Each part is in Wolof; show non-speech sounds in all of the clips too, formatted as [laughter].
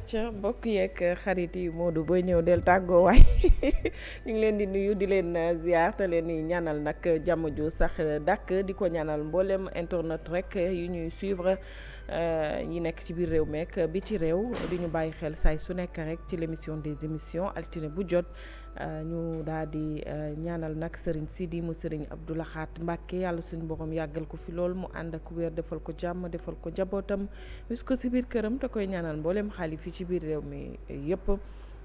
ayca mbokk yeeg xarit yi moo du booy ñëw del tàggoo waay [laughs] ñu ngi leen di nuyu di leen ziar te leen di ñanal nag jàmm ju sax dàkk di ko ñanal mboolem internet rek yu ñuy suivre euh, ñi nekk ci biir réew meek bi ci réew di ñu bàyyi xel saay su nekk rek ci l' émission des émissions altine bu jot. Euh, ñu daal di euh, ñaanal nag sëriñ Sidi mu sëriñ Abdou Lahat Mbacke yàlla suñu borom yàggal ko fi lool mu ànd ak weer defal ko jàmm defal ko njabootam wis ko si biir këram te koy ñaanal mbooleem xaalif yi ci biir réew mi yëpp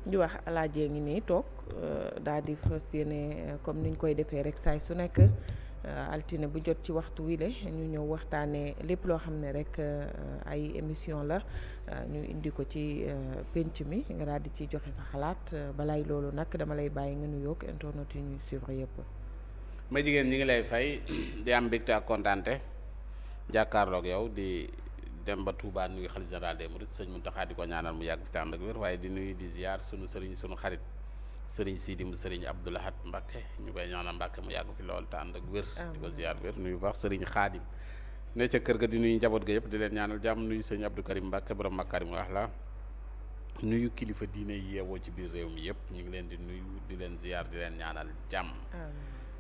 di wax yee ngi nii toog euh, daal di fas yéene comme niñ koy defee rek saay su nekk. Euh, altine bu jot ci waxtu wii wile ñu ñëw waxtaanee lépp loo xam ne rek euh, ay émission la euh, ñu indi ko ci penc mi nga daal di ci joxe sa xalaat balay loolu nag dama lay bàyyi nga nuyoog internet yi ñuy suivre yëpp. ma jigéen ñi ngi lay fay di am mbégte ak kontaante jàkkaarloog yow di dem ba Touba nuyu xalifa général des mourides sëñ Mountakha di ko ñaanal mu yàgg fi tànn ak wér waaye di nuyu di ziar sunu sëriñ sunu xarit. sëriñ Sidi mu sëriñ Abdou Lahad Mbacke ñu koy ñaanal Mbacke mu yàgg fi lool te ànd ak wér. di ko ziar wér nuyu baax sëriñ Xaadim. ne ca kër ga di nuyu njaboot ga yëpp di leen ñaanal jàmm nuyu sëriñ Abdou Karim Mbacke borom Makarim kilifa diine yeewoo ci biir réew mi yëpp ñu ngi leen di nuyu di leen ziar di leen ñaanal jàmm.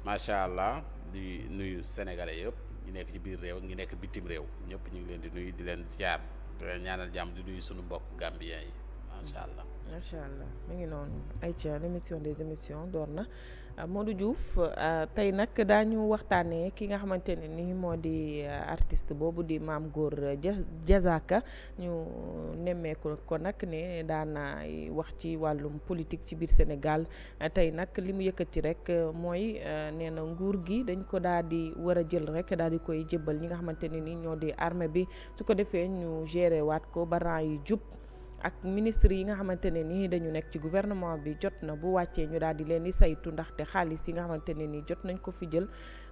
macha allah di nuyu sénégalais yëpp ñu nekk ci biir réew ñu nekk bitim réew ñëpp ñu ngi leen di nuyu di leen ziar di leen ñaanal jàmm di nuyu suñu mbokk gambien yi macha allah. macha allah mi ngi noonu Aïcha l'émission des émissions door na euh, Modou Diouf euh, tey nag daañu waxtaanee ki nga xamante ne ni moo di euh, artiste boobu di Mame Goor Diazaka ñu nemmeeku ko nag ne daana wax ci wàllum politique ci biir Sénégal tey nag li mu yëkkati rek mooy nee na nguur gi dañ ko daal di war a jël rek daal di koy jébbal ñi nga xamante ne ni ñoo di armée bi su ko defee ñu gérer waat ko ba yi jub. ak ministre yi nga xamante ne ni dañu nekk ci gouvernement bi jot na bu wàccee ñu daal di leen di saytu ndaxte xaalis yi nga xamante ne nii jot nañ ko fi jël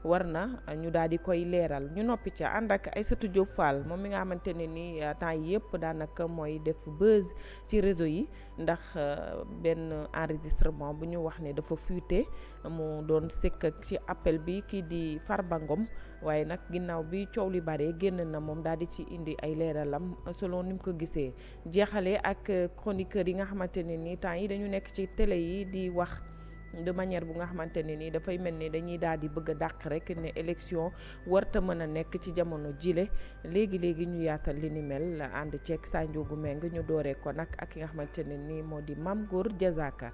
war na ñu daal di koy leeral ñu noppi ca ànd ak Aïssatou Diop Fall moom mi nga xamante ne ni euh, temps yi yëpp daanaka mooy def buzz ci réseau yi ndax euh, benn enregistrement bu ñu wax ne dafa fuite mu doon sëkk ci appel bi kii di Farba Ngom waaye nag ginnaaw bi coow li bare génn na moom daal di ci indi ay leeralam solo ni mu ko gisee jeexale ak chroniqueur yi nga xamante ne ni temps yi dañu nekk ci télé yi di wax. de manière bu nga xamante ne ni dafay mel ni dañuy daal di bëgg dàq rek ne élection warta mën a nekk ci jamono jile léegi léegi ñu yaatal li ni mel la ànd ceeg Sanjogu Meng ñu dooree ko nag ak ki nga xamante ne ni moo di Mame Goor Diazaka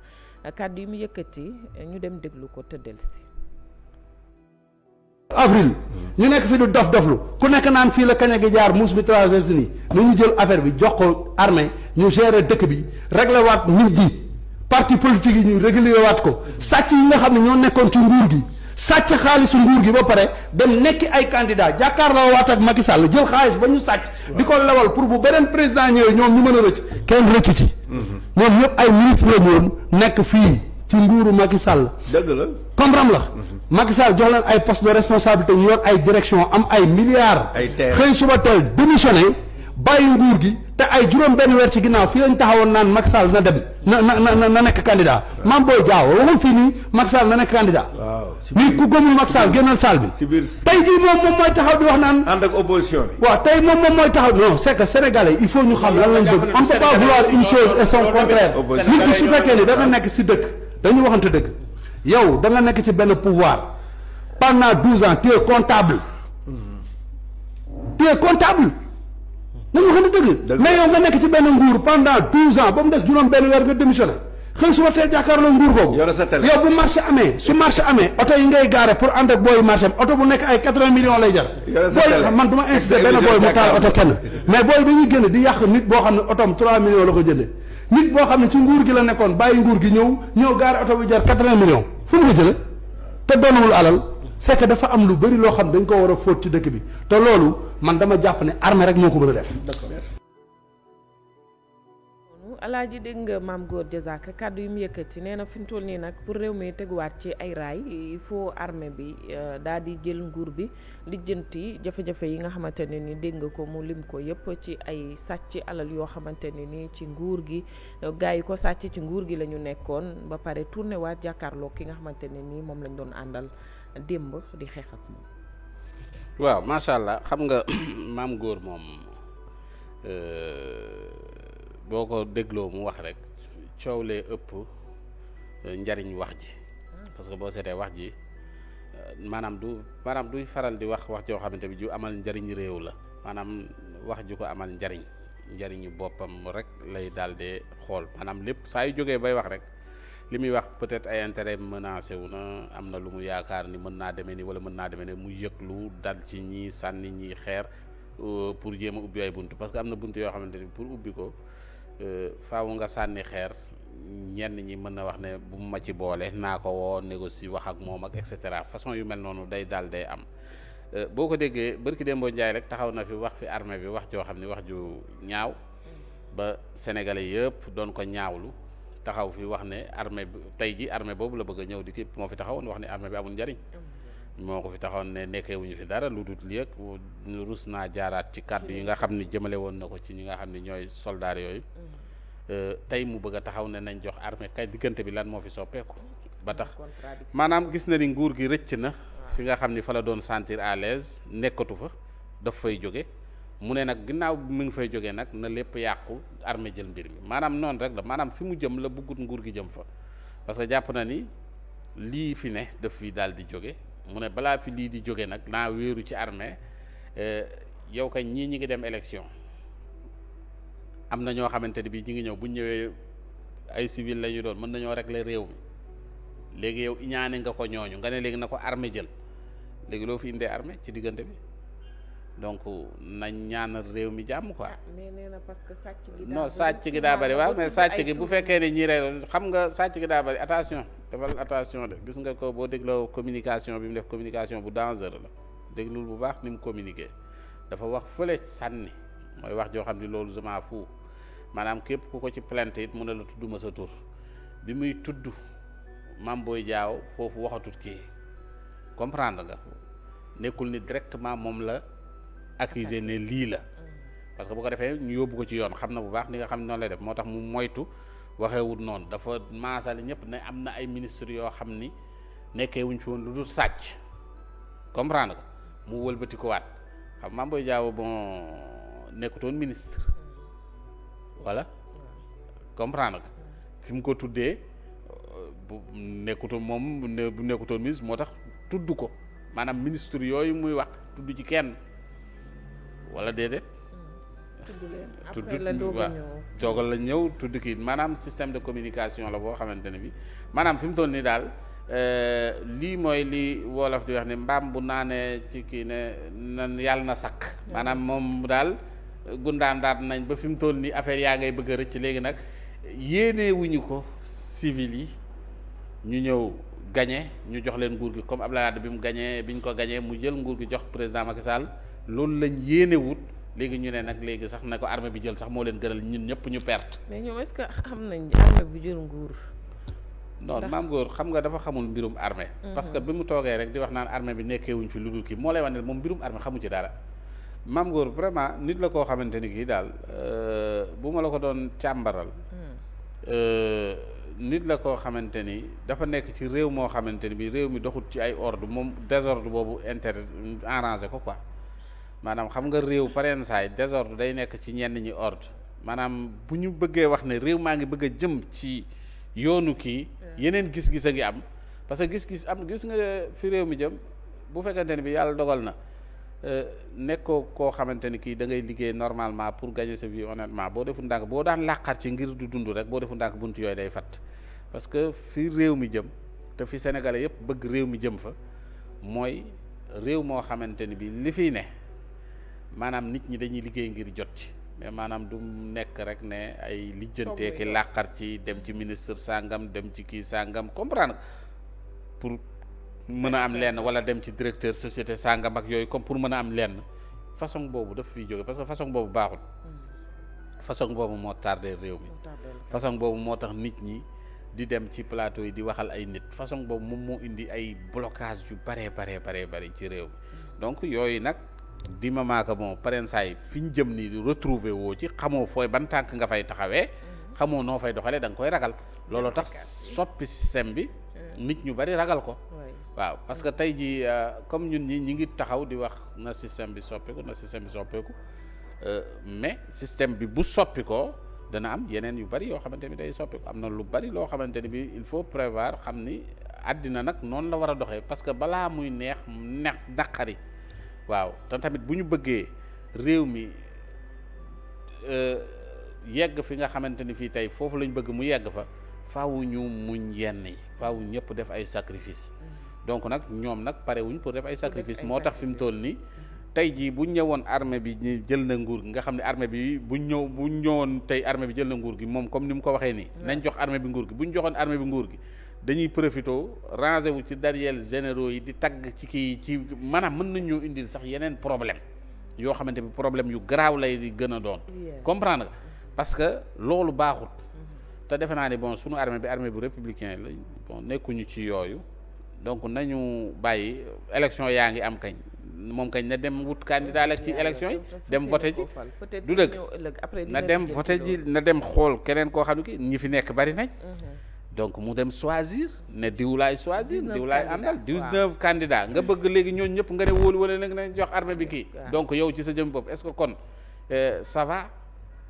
kàddu yi mu yëkkati ñu dem déglu ko tëddal si. avril ñu nekk fi du dof doflu ku nekk naan fii la kaña gi jaar muus bi traversé nii ni ñu jël affaire bi jox ko armée ñu gérer dëkk bi réglé waat nit ji parti politique yi ñu régulier waat ko sàcc yi nga xam ne ñoo nekkoon ci nguur gi sàcc xaalisu nguur gi ba pare dem nekki ay jàkkaar jàkkaarloo waat ak Macky Sall jël xaalis ba ñu sàcc di ko lewal pour bu beneen président ñëwee ñoom ñu mën a rëcc kenn rëcc ci ñoom ñëpp ay ministre la ñu nekk fii ci nguuru Macky Sall dëgg la comprendre la Macky Sall jox leen ay post de responsabilité ñu yor ay direction am ay milliards xëy suba teel démissionné bàyyi nguur gi te ay juróom benn weer ci ginnaaw fii lañ taxawoon naan Macky Sall na dem na na na na nekk candidat Mame Boye Diao waxul fii nii Macky Sall na nekk candidat. waaw nit ku gëmul Macky Sall génnal salle bi. si biir tey jii moom moom mooy taxaw bi wax naan. ànd ak opposition bi. waaw tey moom moom mooy taxaw non c'est que il faut ñu xam lan lañ bëgg. on peut pas vouloir une chose et son contraire. nit ki su fekkee ni da nekk si dëkk dañu waxante dëgg yow da nga nekk ci benn pouvoir pendant douze ans tu es comptable tu comptable. nañu waxante dëgg mais yow nga nekk ci benn nguur pendant douze ans ba mu des juróom benn weer nga démissionné xëy suba teel jàkkaarloo nguur googu yow bu marché amee su marché amee oto yi ngay gaare pour ànd ak booy marché oto bu nekk ay quatre-vingts lay jar booy man du ma benn booy mu taal oto kenn mais booy dañuy génn di yàq nit boo xam ne otoom trois millions la ko jëndee nit boo xam ne ci nguur gi la nekkoon bàyyi nguur gi ñëw ñëw c'est que dafa am lu bëri loo xam dañ ko war a fóot ci dëkk bi te loolu man dama jàpp ne armée rek moo ko mën a def. d'accord merci. dégg nga maam góor Diazaka kàddu yu mu yëkkati nee na fi mu toll nii nag pour réew mi teguwaat ci ay raay il faut armée bi euh, daal di jël nguur bi lijjanti jafe-jafe yi nga xamante ne dégg nga ko mu lim ko yëpp ci ay sàcc alal yoo xamante ne ni ci nguur gi euh, gaa yi ko sàcc ci nguur gi la ñu nekkoon ba pare tourné waat jàkkaarloo ki nga xamante ne ni moom lañ doon àndal. démb di xeex moom. waaw macha allah xam nga [clears throat] maam góor moom euh, boo ko dégloo mu wax rek coow lee ëpp euh, njariñ wax ji hmm. parce que boo seetee wax ji euh, maanaam du maanaam duy faral di wax wax joo xamante bi ju amal njariñ réew la maanaam wax ju ko amal njariñ njariñu boppam rek lay daal di xool manaam lépp saa yu jógee bay wax rek. li muy wax peut-être ay intérêt menacé wu na am na lu mu yaakaar ni mën naa demee ni wala mën naa demee ne mu yëg lu dal ci ñii sànni ñii xeer euh, pour jéem a ubbi ay bunt parce que am na bunt yoo xam xamante ni pour ubbi ko euh, faaw nga sànni xeer ñenn ñi mën na wax ne bu ma ci boole naa ko woo négocier wax ak moom ak et cetera façon yu mel noonu day daal day am euh, boo ko déggee bërki Dembo Ndiaye rek taxaw na fi wax fi armée bi wax joo xam ni wax ju ñaaw ba sénégalais yëpp doon ko ñaawlu. taxaw fi wax ne armée tey ji armée boobu la bëgg a ñëw di képp moo fi taxaw taxawoon wax ne armée bi amul njariñ moo ko fi taxawoon ne nekkee fi dara lu dut lii ak rus naa jaaraat ci kàddu yi nga xam ne jëmale woon na ko ci ñi nga xam ne ñooy soldaar yooyu euh, tey mu bëgg a taxaw ne nañ jox armée kay diggante bi lan moo fi soppeeku ba tax maanaam gis na ni nguur gi rëcc na fi nga xam ni fa la doon sentir à l'aise nekkatu fa dafa fay jóge mu ne nag ginnaaw mi ngi fay jógee nag na lépp yàqu armée jël mbir mi maanaam noonu rek la maanaam fi mu jëm la bëggut nguur gi jëm fa parce que jàpp na ni lii fi ne def fi daal di jóge mu ne balaa fi lii di jóge nag naa wéeru ci armée euh, yow kay ñii ñi ngi dem élection am na ñoo xamante ni bii ñu ngi ñëw bu ñëwee ay civil la ñu doon mën nañoo rek régler réew mi léegi yow iñaane nga ko ñooñu nga ne léegi na ko armée jël léegi loo fi indee armée ci diggante bi donc nañ ñaanal réew mi jàmm ko ah, mais nee na parce que sàcc gi. non gi daa bëri waaw mais sàcc gi bu fekkee ne ñii rek xam nga sàcc gi daa bëri attention defal attention de gis nga ko boo dégloo communication bi mu def communication bu dangereux la déglul bu baax ni mu communiqué dafa wax fële sànni mooy wax joo xam ni loolu je fu maanaam képp ku ko ci plante it mun ne la tudd ma sa tur bi muy tudd Mame Boye Diao foofu waxatut kii comprendre nga nekkul ni directement moom la. accusé ne lii la mm. parce que bu ko defee ñu yóbbu ko ci yoon xam na bu baax li nga xam ne noonu lay def moo tax mu moytu waxeewut noonu dafa maasale ñëpp ne am na ay ministre yoo xam ni nekkee fi woon lu dul sàcc comprendre mu wëlbati ko waat xam Mame Boye Diao bon ministre mm. voilà comprendre nga ko tuddee bu nekkutoon moom bu nekkutoon ministre moo tax tudd ko maanaam ministre yooyu muy wax tudd ci kenn wala déedéet. Hmm. tudd leen [laughs] la ñëw tudd kii maanaam système de communication la boo xamante ne bi maanaam fi mu toll nii daal euh, lii mooy lii wolof di wax ne mbaam bu naanee ci kii ne nan yàlla na sakk. maanaam moom daal gundaan daat nañ ba fi mu toll nii affaire yaa ngay bëgg a rëcc léegi nag yéenee wuñu ko civil yi ñu ñëw. gañe ñu jox leen nguur gi comme Abdoulaye Wade bi mu gañee bi ñu ko gañee mu jël nguur gi jox président Macky Sall loolu lañ yéene wut léegi ñu ne nag léegi sax na ko armée bi jël sax moo leen gënal ñun ñëpp ñu perte. ñoom est que xam nañ bi jël nguur. non maam góor xam nga dafa xamul mbirum armée parce que bi mu toogee rek di wax naan armee bi nekkeewuñ ci lu dul kii moo lay wax ne moom mbirum armée xamu ci dara. maam góor vraiment nit la koo xamante ni kii daal euh, bu ma la ko doon càmbaral. Mm. Euh, nit la koo xamante ni dafa nekk ci réew moo xamante ni bi réew mi doxut ci ay ordre moom désordre boobu intérêt arrangé ko quoi. maanaam xam nga réew parensaay désordre day nekk ci ñenn ñi ordre maanaam bu ñu bëggee wax ne réew maa ngi bëgg a jëm ci yoonu kii yeneen gis-gis a ngi am parce que gis-gis am gis nga fi réew mi jëm bu fekkente ne bi yàlla dogal na euh, nekkoo koo xamante ni kii da ngay liggéey normalement pour gagner sa vie honnêtement boo defu ndànk boo daan làqar ci ngir du dund rek boo defu ndànk bunt yooyu day fat parce que fi réew mi jëm te fi sénégalais yëpp bëgg réew mi jëm fa mooy réew moo xamante ni bi li fiy ne maanaam nit ñi dañuy liggéey ngir jot ci mais maanaam du nekk rek ne ay lijjantee ki làqar ci dem ci ministre sàngam dem ci kii sàngam comprendre pour mën a am lenn wala dem ci directeur société sàngam ak yooyu comme pour mën a am lenn façon boobu daf fi jóge parce que façon boobu baaxul hmm. façon boobu moo tardé réew mi façon boobu moo tax nit ñi di dem ci plateau yi di waxal ay nit façon boobu mu moo indi ay blocage yu baree baree baree bari ci réew hmm. nag di ma maaka bon parensaay fi ñu jëm ni retrouver woo ci xamoo fooy ban tànk nga fay taxawee mm-hmm. xamoo noo fay doxalee da koy ragal looloo tax soppi système bi mm. nit ñu bari ragal ko waaw parce que tey jii euh, comme ñun ñi ñu ngi taxaw di wax na système bi soppeeku na système bi soppeeku euh, mais système bi bu soppi ko dana am yeneen yu bari yoo xamante ni day soppi am na lu bari loo xamante ni bi il faut prévoir xam ni àddina nag noonu la war a doxee parce que balaa muy neex neex naqari waaw te tamit bu ñu bëggee réew mi euh, yegg fi nga xamante ni fii tey foofu lañ bëgg mu yegg fa faaw ñu muñ yenn yi faaw ñëpp def ay sacrifice mm-hmm. donc nag ñoom nag pare wuñ pour def ay sacrifice moo tax fi mu toll nii tey jii bu ñëwoon armée bi ñu jël na nguur gi nga xam ne armée bi bu ñëw bu ñëwoon tey armée bi jël na nguur gi moom comme ni mu ko waxee nii nañ jox armée bi nguur gi bu ñu joxoon armée bi nguur gi dañuy profité rangé wu ci derrière généraux yi di tagg ci kii ci maanaam mën nañ ñoo indil sax yeneen problème yoo xamante bi problème yu garaaw lay di gën a doon comprendre nga parce que loolu baaxut mm-hmm. te defe naa ne bon suñu armée bi armée bu républicain la bon nekkuñu ci yooyu donc nañu bàyyi élection yaa ngi am kañ moom kañ na dem wut daal la ci élection yi dem voté ji du dëgg na dem voté ji na dem xool keneen koo xam ne ki ñi fi nekk bari nañ mm-hmm. donc mu dem choisir ne diw laay choisir diw laay àndal dix-neuf nga bëgg léegi ñooñu ñëpp nga ne wóolu wala nag nañ jox armée bi ki donc yow ci sa jëm bopp est-ce que kon sava euh,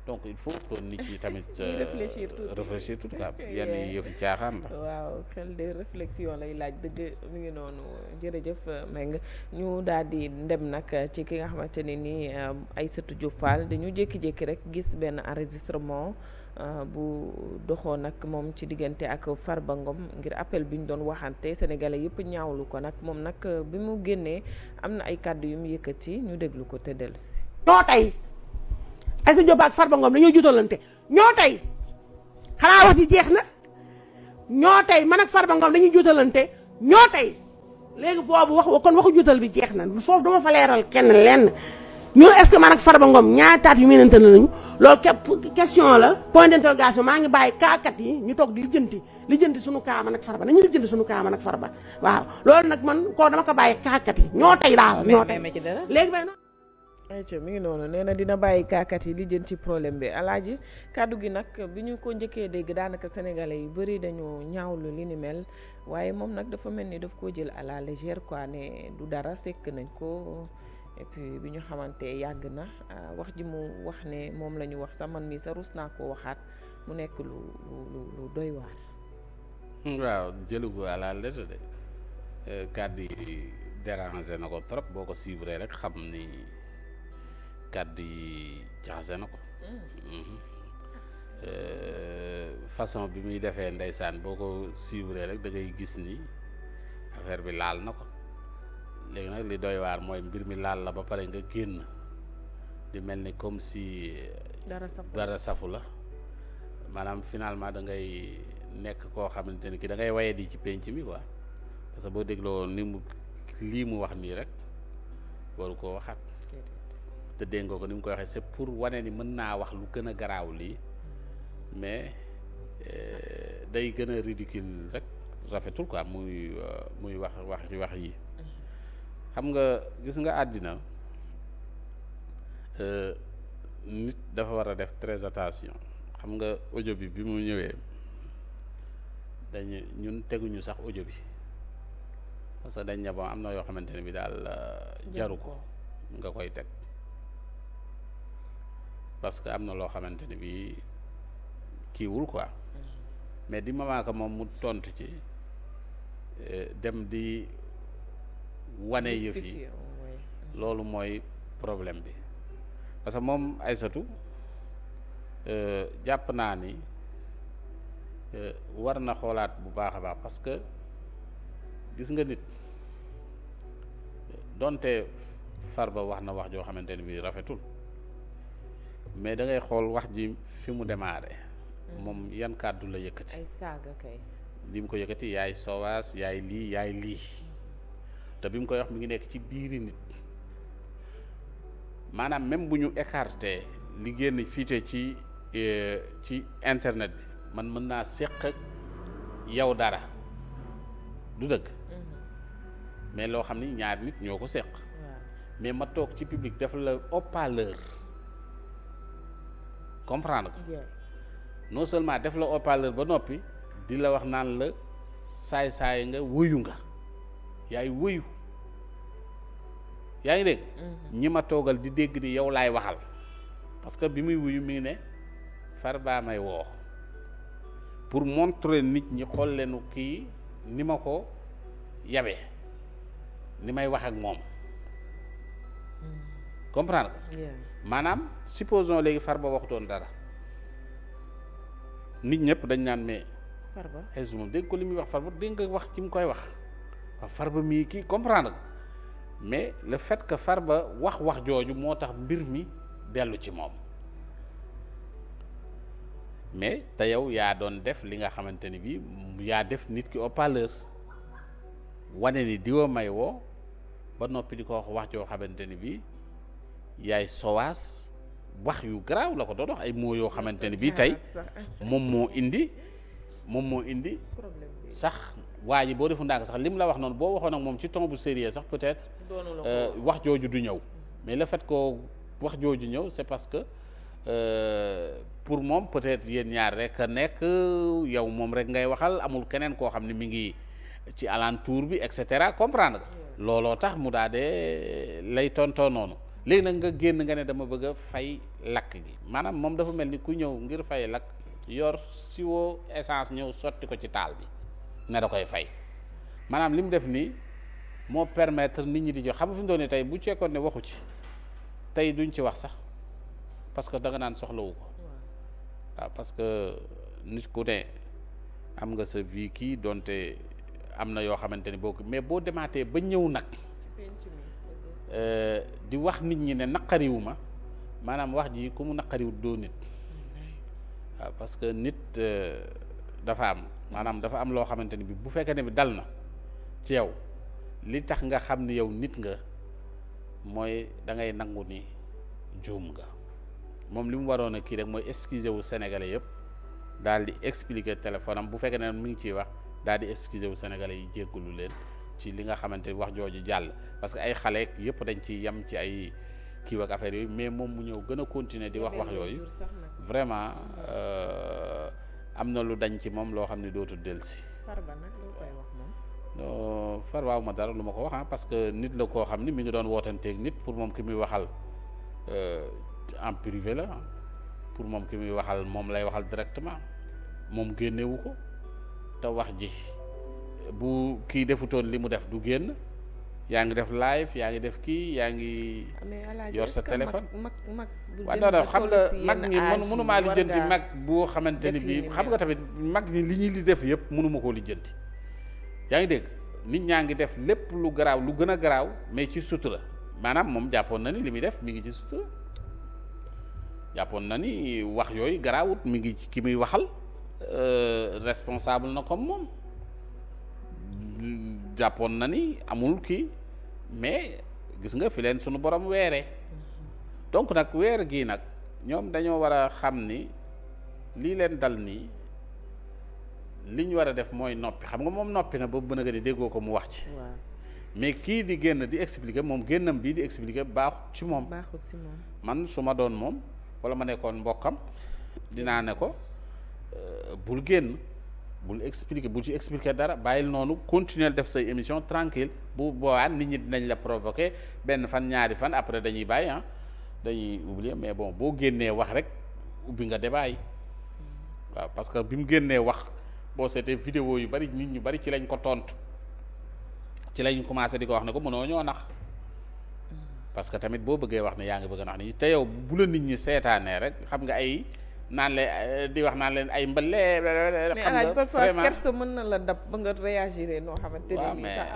donc il faut que nit ñi tamit [laughs] réfléchir euh, tout réfléchir tout cas [laughs] yenn yi yëfi caaxaan la waaw xel de réflexion lay laaj dëgg mi ngi noonu jërëjëf nga ñu daal di dem nag ci ki nga xamante ne nii euh, Aïssatou Diop Fall dañu jékki-jékki rek gis benn enregistrement Euh, bu doxoo nag moom ci diggante ak far ba Ngom ngir appel bi ñu doon waxante sénégalais yëpp ñaawlu ko nag moom nag euh, bi mu génnee am na ay kàddu yu mu yëkkati ñu déglu ko te dellu si. ñoo tey Aïssa Diop ak Farba Ngom dañoo jutalante ñoo tey xanaa wax ji jeex na ñoo tey man ak Farba Ngom dañuy jutalante ñoo tey léegi boobu wax kon waxu jutal bi jeex na foofu dama fa leeral kenn lenn ñu est-ce que man ak Farba Ngom ñaataat yu melante nañu. loolu képp question la point d'interrogation maa ngi bàyyi kaakat yi ñu toog di lijjanti lijjanti suñu kaama nag farba nañu lijjanti suñu kaama nag farba waaw loolu nag man koo dama ko bàyyi kaakat yi ñoo tey daal ñoo tey léegi bay na ayca mi ngi noonu nee na dina bàyyi kaakat yi lijjanti problème bi alaaji kàddu gi nag bi ñu ko njëkkee dégg daanaka sénégalais yu bëri dañu ñaawlu li ni mel waaye moom nag dafa mel ni daf koo jël à la légère quoi ne du dara sekk nañ ko et bi ñu xamante yàgg na euh, wax ji mu wax ne moom la wax sax man mii sa rus naa koo waxaat mu nekk lu lu lu doy waar. Hmm, waaw jëlu ko à la lettre de euh, kàddu yi dérangé na ko trop boo ko suivre rek xam ni kàddu yi jaxase na ko. Hmm. Hmm. Euh, façon bi muy defee ndeysaan boo ko suivre rek da ngay gis ni affaire bi laal na ko. léegi nag li doy waar mooy mbir mi laal la ba pare nga génn di mel ni comme si eh, dara safu la maanaam finalement da ngay nekk koo xamante ni ki da ngay waye di ci pénc mi quoi parce que boo dégloo ni mu lii mu wax nii rek waru koo waxaat te dégg nga ko ni mu koy waxee c'est pour wane ni mën naa wax lu gën a garaaw lii mais eh, day gën a ridicule rek rafetul ko am muy euh, muy wax wax wax yi xam nga gis nga àddina euh, nit dafa war a def très attention xam nga audio bi bi mu ñëwee dañu ñun teguñu sax audio bi parce que dañ ne bon am na yoo xamante ne bi daal euh, jaru ko nga koy teg parce que am na loo xamante ne bi kiiwul quoi mm. mais di mamaaka moom mu tontu ci euh, dem di wane yëf yi loolu mooy problème bi parce que moom Aysatu euh, jàpp naa ni euh, war na xoolaat bu baax a baax parce que gis nga nit donte far ba wax na wax joo xamante ni bi rafetul mais da ngay xool wax ji fi mu démarré. Mm-hmm. moom yan kàddu la yëkkati. ay saaga mu ko yëkkati yaay sowaas yaay lii yaay lii. te bi mu koy wax mi ngi nekk ci biiri nit maanaam même bu ñu écarté li génn fiite ci euh, ci internet bi man mën naa séq ak yow dara du dëgg mm-hmm. mais loo xam ni ñaari nit ñoo ko séq mais ma toog ci public dafa la haut comprendre ko non seulement def la haut ba noppi di la wax naan la saay-saay nga wuyu nga yaay wuyu yaa ngi de mm-hmm. ñi ma toogal di dégg di yow laay waxal parce que bi muy wuyu mi ngi ne baa may woo pour montrer nit ñi xool leenu kii ni ma ko yabe ni may wax ak moom mm-hmm. comprendre nga. maanaam supposons léegi Farba waxutoon dara nit ñëpp dañ naan mais. Farba xëy moom dégg ko li muy wax Farba dégg nga wax ci mu koy wax. ba mii kii comprendre mais le fait far ba wax wax jooju moo tax mbir mi dellu ci moom mais te yow yaa doon def li nga xamante ni bii yaa def nit ki haut wane ni diwa may ba noppi di ko wax wax joo xamante ni bii yaay sowaas wax yu garaaw la ko doon ay mots yoo xamante ni bii tey moom moo indi moom moo indi sax waa ji boo defu ndànk sax li mu la wax noonu boo waxoon ak moom ci ton bu sérieux sax peut-être euh, wax jooju du ñëw mais le fait que wax jooju ñëw c'est parce que euh, pour moom peut-être yéen ñaar rek a nekk yow moom rek ngay waxal amul keneen koo xam ne mi ngi ci alentour bi et cetera comprendre looloo tax mu daa dee lay tonton noonu léegi nag nga génn nga ne dama bëgg a fay lakk gi maanaam moom dafa mel ni ku ñëw ngir fay lakk yor siwo essence ñëw sotti ko ci taal bi na da koy fay maanaam li mu def nii moo permettre nit ñi di jox xam nga fi mu doon tey bu ceekoon ne waxu ci tey duñ ci wax sax parce que danga naan soxlawu ko waaw ah, parce que nit ku ne am nga sa vie kii donte am na yoo xamante ni boo ko mais boo demaatee ba ñëw nag euh, di wax nit ñi ne naqariwu ma maanaam wax ji ku mu naqariwut doo nit waaw mm-hmm. ah, parce que nit euh, dafa am maanaam dafa am loo xamante ni bi bu fekkee ne bi dal na ci yow li tax nga xam ni yow nit nga mooy da ngay nangu ni juum nga moom li mu waroon a kii rek mooy excusé wu sénégalais yëpp daal di expliquer téléphone am bu fekkee ne mu ngi ciy wax daal di excusé wu sénégalais yi jéggalu leen ci li nga xamante ni wax jooju jàll parce que ay xale yëpp dañ ci yem ci ay kii ak affaire yooyu mais moom mu ñëw gën a continuer di wax wax yooyu vraiment. Euh, am na lu dañ ci moom loo xam ne dootul dellusi. farba nag wax moom. non ma dara lu ma ko waxaam ah, parce que nit la koo xam ni mi ngi doon wootanteeg nit pour moom ki muy waxal euh, en privé la pour moom ki muy waxal moom lay waxal directement moom génnewu ko te wax ji bu kii defutoon li mu def du génn. yaa ngi def live yaa ngi def kii yaa ngi. yor sa téléphone mag mag waaw xam nga mag ñi mënu mënumaa lijjanti mag boo xamante ni bii xam nga tamit mag ñi li ñuy li def yëpp mënuma koo lijjanti. yaa ngi dégg nit ñaa ngi def lépp lu garaaw lu gën a garaaw mais ci sutura maanaam moom jàppoon na ni li muy def mu ngi ci sutura jàppoon na ni wax yooyu garaawut mi ngi ci ki muy waxal euh, responsable na comme moom jàppoon na ni amul kii. mais gis nga fi leen suñu borom weere donc nag weer gii nag ñoom dañoo war a xam ni lii leen dal nii li ñu war a def mooy noppi xam nga moom noppi na ba mën na gën déggoo ko mu wax ci. mais kii di génn di expliquer moom génnam bii di expliquer baaxut ci moom. baaxut man su ma doon moom wala ma nekkoon mbokkam dinaa ne ko euh, bul génn. bul expliquer bul ci expliquer dara bàyyil noonu continuer def say émission tranquille bu boobaa nit ñi dinañ la provoquer benn fan ñaari fan après dañuy bàyyi ah dañuy oublie mais bon boo génnee wax rek ubbi nga débat waaw parce que bi mu génnee wax boo seetee vidéo yu bari nit ñu bari ci lañ ko tontu ci lañ commencé di ko wax ne ko mënoo ñoo nax mm. parce que tamit boo bëggee wax ne yaa ngi bëgg a nax nit ñi te yow bu la nit ñi seetaanee rek xam nga ay. naan leen euh, di wax naan leen ay mbëlle. xam nga parfois kersa mën na la dab ba nga réagir noo xamante ne nii sax [laughs]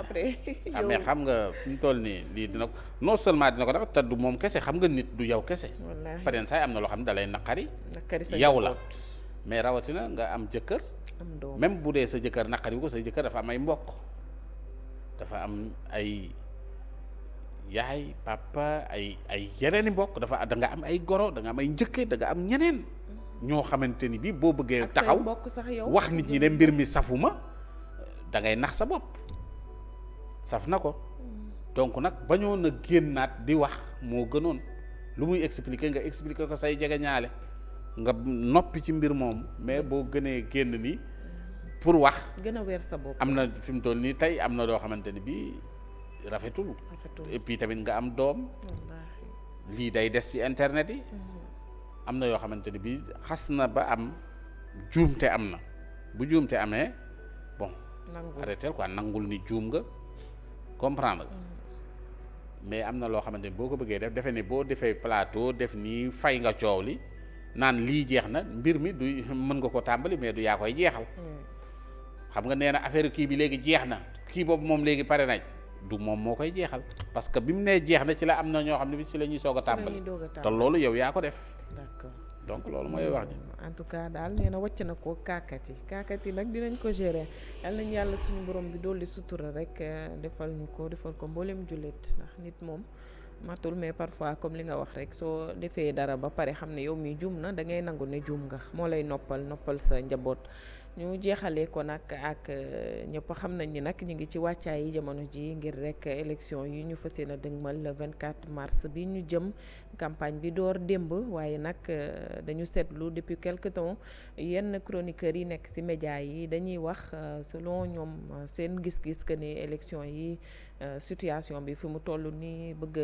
ah, mais xam nga fi mu toll nii lii dina ko non seulement dina ko def te du moom kese xam nga nit du yow kese. wallaahi peut am na loo xam ne da lay naqari. naqari sa yow la mais rawatina nga am jëkkër. am doom bu dee sa jëkkër naqari ko sa jëkkër dafa am ay mbokk. dafa am ay yaay papa ay ay yeneen i mbokk dafa danga am ay goro danga nga am ay njëkke da am ñeneen. ñoo xamante ni bi boo bëggee taxaw wax nit ñi ne mbir mi safuma da ngay nax sa bopp saf na ko mm. donc nag bañoon a génnaat di wax moo gënoon lu muy expliquer nga expliquer ko say jege ñaale nga noppi ci mbir moom mais boo gënee génn nii pour wax gën a weer sa bopp am na fi mu toll nii tey am na loo xamante ni bi rafetul et puis tamit nga am doom lii day des ci internet yi mm. am na yoo xamante ni bii xas na ba am juumte am na bu juumte amee bon. arrêté quoi nangul ni juum nga comprendre nga. Mm. mais am na loo xamante ni boo ko bëggee def defe ni boo defee plateau def nii fay nga coow li naan lii jeex na mbir mi du [laughs] mën nga ko tàmbali mais du yaa koy jeexal. Mm. xam nga nee na affaire kii bi léegi jeex na kii boobu moom léegi pare nañ du moom moo koy jeexal parce que bi mu nee jeex na ci la am na ñoo xam ne bi ci la ñuy soog a tàmbali te loolu yow yaa ko donc loolu mooy wax ji. en tout cas daal nee na wàcc na ko kaakat yi kaakat yi nag dinañ ko gérer yal nañu yàlla suñu borom bi dolli sutura rek euh, defal ñu ko defal ko mboolem jullit ndax nit moom matul mais parfois comme li nga wax rek soo defee dara ba pare xam ne yow mi juum na da ngay nangu ne juum nga moo lay noppal noppal sa njaboot. ñu jeexalee ko nag ak euh, ñëpp xam nañ ni nag ñu ngi ci wàccaay yi jamono ji ngir rek élection yi ñu fas yéene la vingt 24 mars bi ñu jëm campagne bi door démb waaye nag euh, dañu seetlu depuis quelque temps yenn chroniqueurs yi nekk ci média yi dañuy wax euh, selon ñoom seen gis-gis que ni élection yi situation bi fi mu toll nii bëgg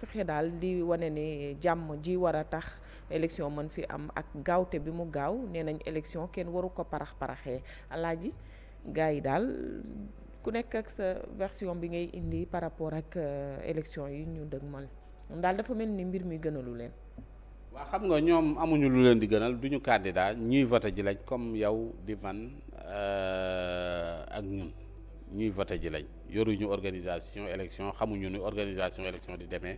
fexe daal di wane ni jàmm ji war a tax élection mën fi am ak gaawte bi mu gaaw nee nañ élection kenn waru ko parax-paraxee ji gars yi daal ku nekk ak sa version bi ngay indi par rapport ak euh, élection yi ñu dëgmal daal dafa mel ni mbir mi gënalu leen waa xam nga ñoom amuñu lu leen di gënal duñu daal ñuy vote ji lañ comme yow di man euh, ak ñun ñuy voté ji lañ yoruñu organisation élection xamuñu ni organisation élection di demee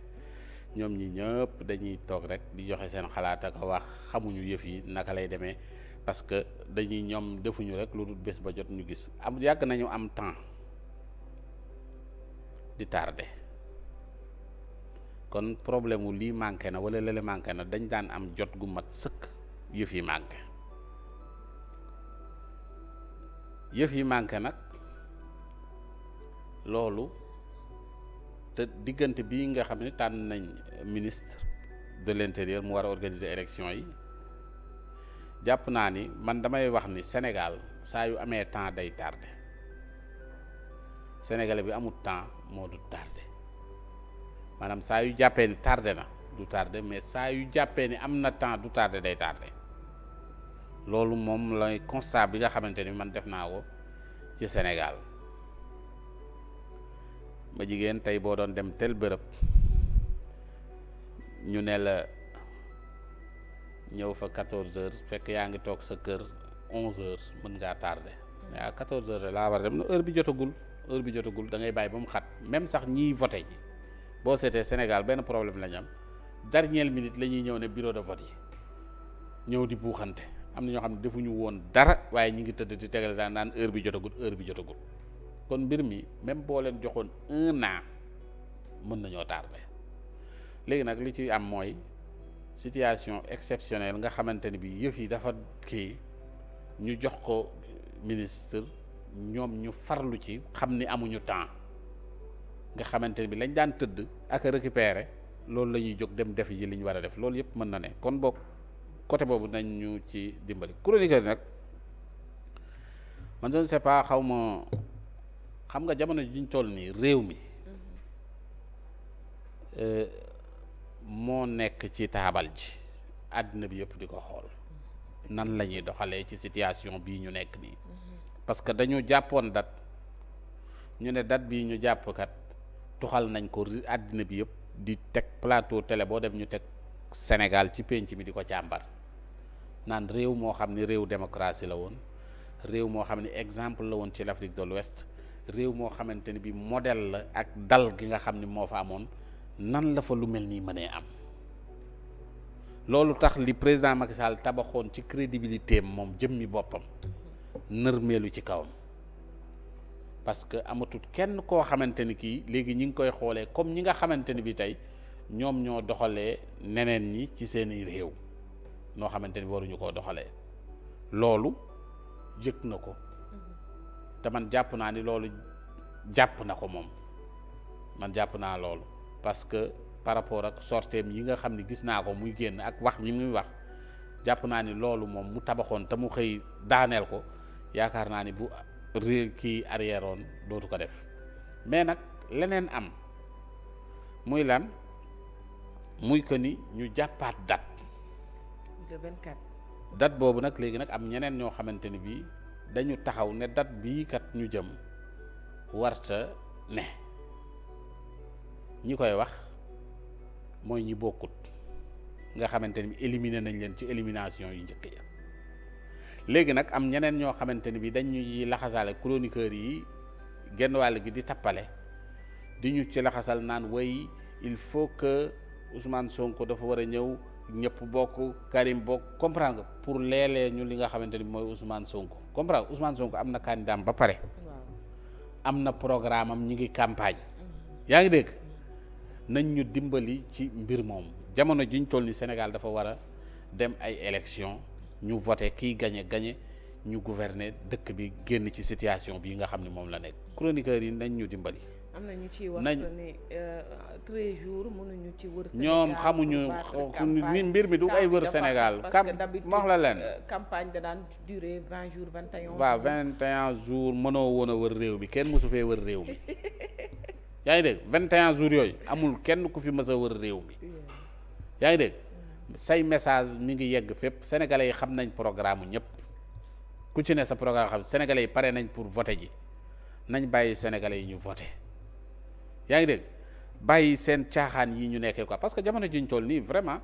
ñoom ñi ñëpp dañuy toog rek di joxe seen xalaat ak wax xamuñu yëf yi naka lay demee parce que dañuy ñoom defuñu rek lu dul bés ba jot ñu gis am yàgg nañu am temps di tardé kon problème wu lii manqué na wala lële manqué na dañ daan am jot gu mat sëkk yëf yi manqué yëf yi manqué nag loolu te diggante bii nga xam ne tànn nañ ministre de l'intérieur mu war a organiser élection yi jàpp naa ni man damay wax ni Sénégal saa yu amee temps day tardé Sénégalais bi amul temps moo du tardé maanaam saa yu jàppee ni tardé na du tardé mais saa yu jàppee ni am na temps du tardé day tardé loolu moom lay constat bi nga xamante ni man def naa ko ci Sénégal ma jigéen tey boo doon dem tel bërëb ñu ne la ñëw fa quatorze heures fekk yaa ngi toog sa kër onze heures mën ngaa taar mais à quatorze heures laa war dem na heure bi jotagul heure bi jotagul da ngay bàyyi ba mu xat même sax ñiy vote ji boo seetee Sénégal benn problème la ñu am dernière minute la ñuy ñëw ne bureau de vote yi ñëw di buuxante am na ñoo xam ne defuñu woon dara waaye ñi ngi tëdd di tegal daan naan heure bi jotagul heure bi jotagul kon mbir mi même boo leen joxoon un an mën nañoo tardé léegi nag li ci am mooy situation exceptionnelle nga xamante ni bi yëf yi dafa kii ñu jox ko ministre ñoom ñu farlu ci xam ni amuñu temps nga xamante ni bi lañ daan tëdd ak a récupérer loolu la ñuy jóg dem def yi li ñu war a def loolu yëpp mën na ne kon boog côté boobu nañ ñu ci dimbali chroniqueur nag man je ne sais xam nga jamono ji ñu toll nii réew mi mhm. euh, moo nekk ci taabal ji àddina bi yëpp di ko xool mhm. nan la ñuy doxalee ci situation bii ñu nekk nii mhm. parce que dañu jàppoon dat ñu ne dat bii ñu jàpp kat tuxal nañ ko àddina bi yëpp di teg plateau télé boo dem ñu teg Sénégal ci pénc mi di ko càmbar naan réew moo xam ne réew démocratie la woon réew moo xam ne exemple la woon ci l'Afrique de l'Ouest réew moo xamante ni bi modèle la ak dal gi nga xam ni moo fa amoon nan la fa lu mel nii mënee am loolu tax li président Macky tabaxoon ci crédibilité moom jëmmi boppam nërmeelu ci kawam parce que amatul kenn koo xamante ni kii léegi ñi ngi koy xoolee comme ñi nga xamante ni bi tey ñoom ñoo doxalee neneen ñi ci seeni réew noo xamante ni waruñu koo doxalee loolu jëkk na ko te man jàpp naa ni loolu jàpp na ko moom man jàpp naa loolu parce que par rapport ak sorteem yi nga xam ni gis naa ko muy génn ak wax mi muy wax jàpp naa ni loolu moom mu tabaxoon te mu xëy daaneel ko yaakaar naa ni bu réer kii arrière oon dootu ko def mais nag leneen am muy lan muy que ni ñu jàppaat date. le date boobu nag léegi nag am ñeneen ñoo xamante ni bii. dañu taxaw ne date bii kat ñu jëm warta ne ñi koy wax mooy ñi bokkut nga xamante ni éliminé nañ leen ci élimination yu njëkk ya léegi nag am ñeneen ñoo xamante ni bi dañuy laxasaale chroniqueur yi genn wàll gi di tappale di ñu ci laxasal naan way il faut que Ousmane sonk dafa war a ñëw ñëpp bokk Karim bokk comprendre nga pour leelee ñu li nga xamante ni mooy Ousmane Sonko comprendre Ousmane Sonko am na candidat ba pare. am na programme am ñi ngi campagne. Mm-hmm. yaa ngi dégg nañ ñu dimbali ci mbir moom jamono jiñ toll ni Sénégal dafa wara dem ay élection ñu voté kii gañe gañe ñu gouverner dëkk bi génn ci situation bii nga xam ne moom la nekk chroniqueur yi nañ ñu dimbali. am na ñu ciy wax ne euh, treize jours mënuñu ci wër ñoom xamuñu mbir mi du ay wër Sénégal kam moox la leen euh, campagne da daan durer vingt jours vingt et un waaw vingt mënoo woon a wër réew bi kenn mësu fee wër réew mi yaa ngi dégg vingt et un jours yooyu amul kenn ku fi mës a wër réew mi yaa ngi dégg say message mi ngi yegg fépp sénégalais yi xam nañ programme ñëpp ku ci ne sa programme xam sénégalais yi pare nañ pour voter ji nañ bàyyi sénégalais yi ñu voter yaa ngi dégg bàyyi seen caaxaan yi ñu nekkee ko parce que jamono ji ñu toll nii vraiment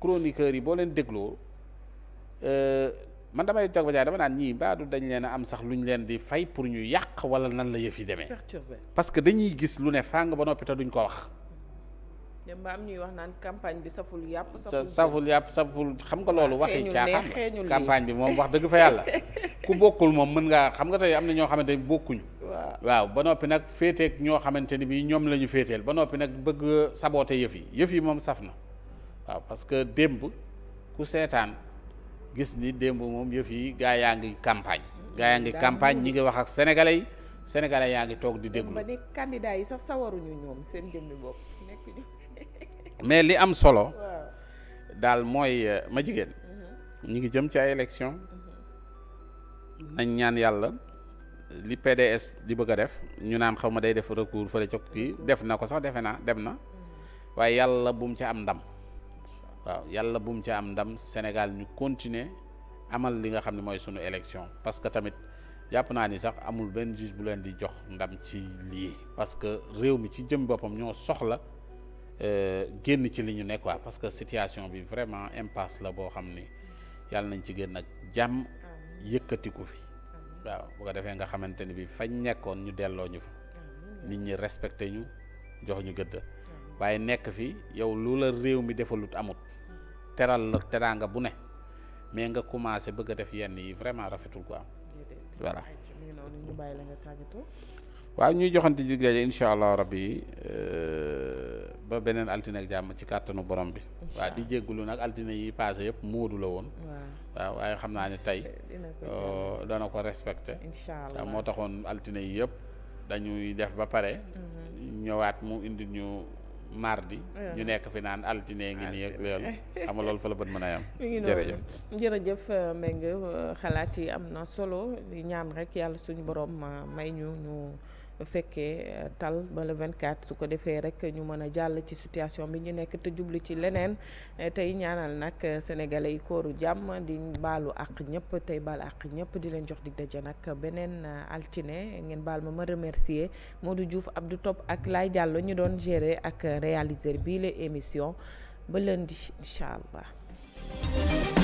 chroniqueurs yi boo leen dégloo euh, man damay toog ba jaay dama naan ñii baadu dañ leen a am sax lu ñu leen di fay pour ñu yàq wala nan la yëf yi demee. parce que dañuy gis lu ne fàng ba noppi te duñ ko wax. dem ñuy wax naan campagne bi saful yàpp. saful yàpp saful xam nga loolu. wax waxi caaxaan campagne bi moom wax dëgg fa yàlla. [laughs] ku bokkul moom mën ngaa xam nga tey am na ñoo xamante ni bokkuñu. waaw ba noppi nag féeteeg ñoo xamante ni bii ñoom la féeteel ba noppi nag bëgg saboté yëf yi yëf yi moom saf na. waaw parce que démb ku seetaan gis ni démb moom yëf yi gaa yaa ngi campagne. gaa yaa ngi campagne ñi ngi wax ak sénégalais yi sénégalais yaa ngi toog di déglu. ba ne candidat sawaruñu ñoom seen jëmmi bopp nekk mais li am solo daal mooy euh, ma jigéen mhm. ñu ngi jëm ci ay élection mhm. nañ ñaan yàlla li PDS di bëgg a def ñu naan xaw ma day def recours fële ca kii mhm. def na ko sax defe naa dem na waaye yàlla bu mu ca am ndam waaw yàlla bu mu ca am ndam Sénégal ñu continuer amal li nga xam ne mooy sunu élection parce que tamit yàpp naa ni sax amul benn juge bu leen di jox ndam ci lii parce que réew mi ci jëm boppam ñoo soxla. Euh, génn ci li ñu nekk quoi parce que situation bi vraiment impasse la boo xam ni yàlla nañ ci génn ak jàmm yëkkatiku fi waaw bu ko defee nga xamante ni bi fañ nekkoon ñu delloo ñu fa nit ñi respecté ñu jox ñu gëdd waaye nekk fi yow lu la réew mi defalut amut teral la teraanga bu ne mais nga commencé bëgg a def yenn yi vraiment rafetul quoi voilà. waaw ñuy joxante dig daje incha allah rabbi euh, ba beneen altine ak jàmm ci kàttanu borom bi. waaw di jéggulu nag altine yi passé yëpp moodu la woon. waaw waaye xam naa ne tey. Eh, euh, dana ko respecté. incha moo taxoon altine yi yëpp dañuy def ba pare. Mm-hmm. ñëwaat mu indi ñu. mardi ñu nekk fi naan altine ngi nii ak loolu xam nga loolu fa la bët mën a yam [laughs] jërëjëf jërëjëf euh, Mbengue xalaat yi am na solo di ñaan rek yàlla suñu borom ma may ñu ñu fekkee euh, tal ba le 24 su ko defee rek ñu mën a jàll ci situation bi ñu nekk te jublu ci leneen euh, tey ñaanal nag euh, sénégalais yi kooru jàmm di baalu àq ñëpp tey baal àq ñëpp di leen jox dig daje nag beneen altine ngeen baal ma ma du Modou Diouf du Top ak Laye Diallo ñu doon gérer ak réaliser bii la émission ba lundi incha allah